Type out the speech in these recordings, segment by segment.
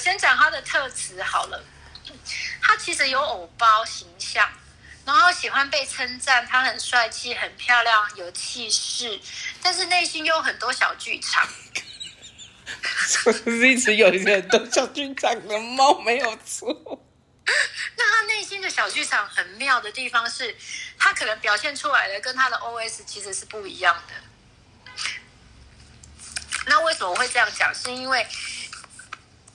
我先講他的特質好了，他其實有偶包形象，然後喜歡被稱讚，他很帥氣、很漂亮、有氣勢，但是內心又有很多小劇場。是不是一直有人都小劇場的貓沒有錯？那他內心的小劇場很妙的地方是，他可能表現出來的跟他的 OS 其實是不一樣的。那為什麼我會這樣講？是因為。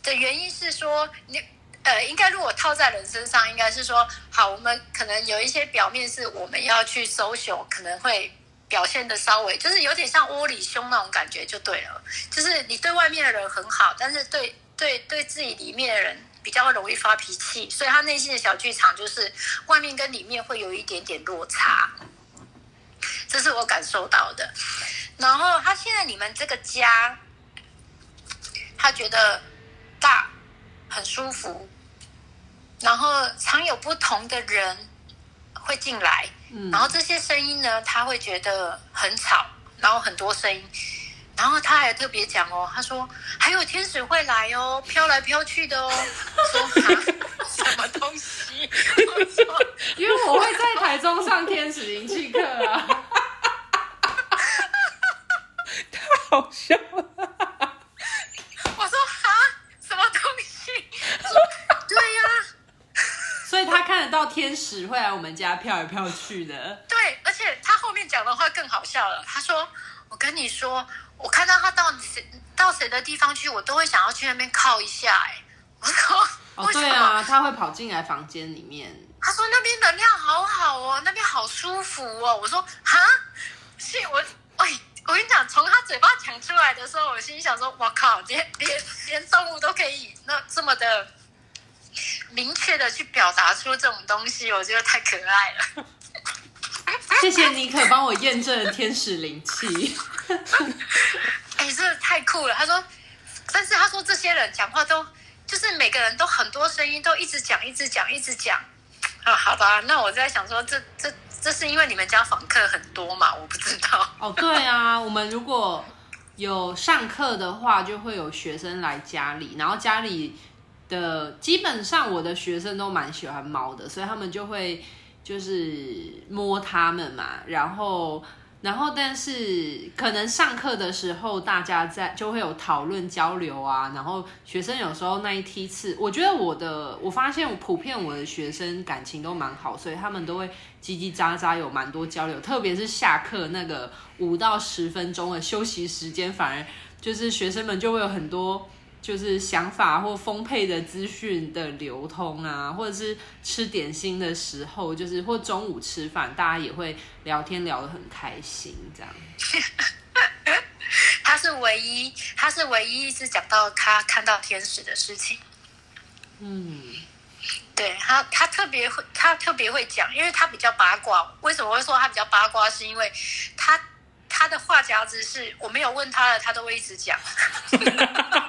的原因是說，你呃，應該如果套在人身上，應該是說，好，我們可能有一些表面是我們要去 social，可能會表現得稍微，就是有點像窩裡凶那種感覺，就對了。就是你對外面的人很好，但是對對對自己裡面的人比較容易發脾氣，所以他內心的小劇場就是外面跟裡面會有一點點落差，這是我感受到的。然後他現在你們這個家，他覺得。很舒服，然後常有不同的人會進來，嗯，然後這些聲音呢，他會覺得很吵，然後很多聲音，然後他還特別講哦，他說還有天使會來哦，飄來飄去的哦， 說他什麼東西？說 因為我會在台中上天使靈氣課啊，太好笑。天使會來我們家飄來飄去的，對，而且他後面講的話更好笑了。他說：“我跟你說，我看到他到誰到誰的地方去，我都會想要去那邊靠一下。”哎，我說：“哦，為什麼？對啊，他會跑進來房間裡面。”他說：“那邊能量好好哦，那邊好舒服哦。”我說：“哈，是我、欸，我跟你講，從他嘴巴講出來的時候，我心想說：‘我靠，連連連動物都可以那這麼的。’”明確的去表達出這種東西，我覺得太可愛了。謝謝尼可幫我驗證天使靈氣。哎、 欸，這太酷了。他說，但是他說這些人講話都就是每個人都很多聲音，都一直講，一直講，一直講。啊，好吧，那我就在想說，這這這是因為你們家訪客很多嘛？我不知道。哦，對啊，我們如果有上課的話，就會有學生來家裡，然後家裡。的基本上我的學生都蠻喜歡貓的，所以他們就會就是摸它們嘛，然後然後但是可能上課的時候，大家在就會有討論交流啊，然後學生有時候那一梯次，我覺得我的我發現我普遍我的學生感情都蠻好，所以他們都會嘰嘰喳喳有蠻多交流，特別是下課那個五到十分鐘的休息時間，反而就是學生們就會有很多。就是想法或豐沛的資訊的流通啊，或者是吃點心的時候，就是或中午吃飯，大家也會聊天聊得很開心，這樣。 他是唯一，他是唯一一次講到他看到天使的事情。嗯，對，他，他特別會，他特別會講，因為他比較八卦。為什麼會說他比較八卦？是因為他他的話匣子是我沒有問他的，他都會一直講。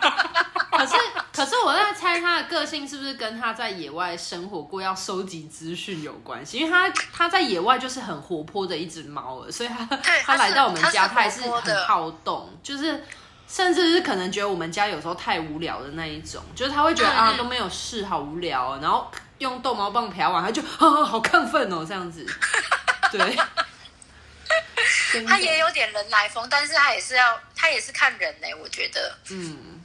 可是，可是我在猜他的個性是不是跟他在野外生活過要收集資訊有關係？因為他他在野外就是很活潑的一隻貓了，所以他對他來到我們家，他也是，是很好動，就是甚至是可能覺得我們家有時候太無聊的那一種，就是他會覺得、嗯、啊都沒有事，好無聊，然後用逗貓棒飄完，他就啊好亢奮哦，這樣子。對， 的他也有點人來瘋，但是他也是要他也是看人，哎、欸，我覺得，嗯。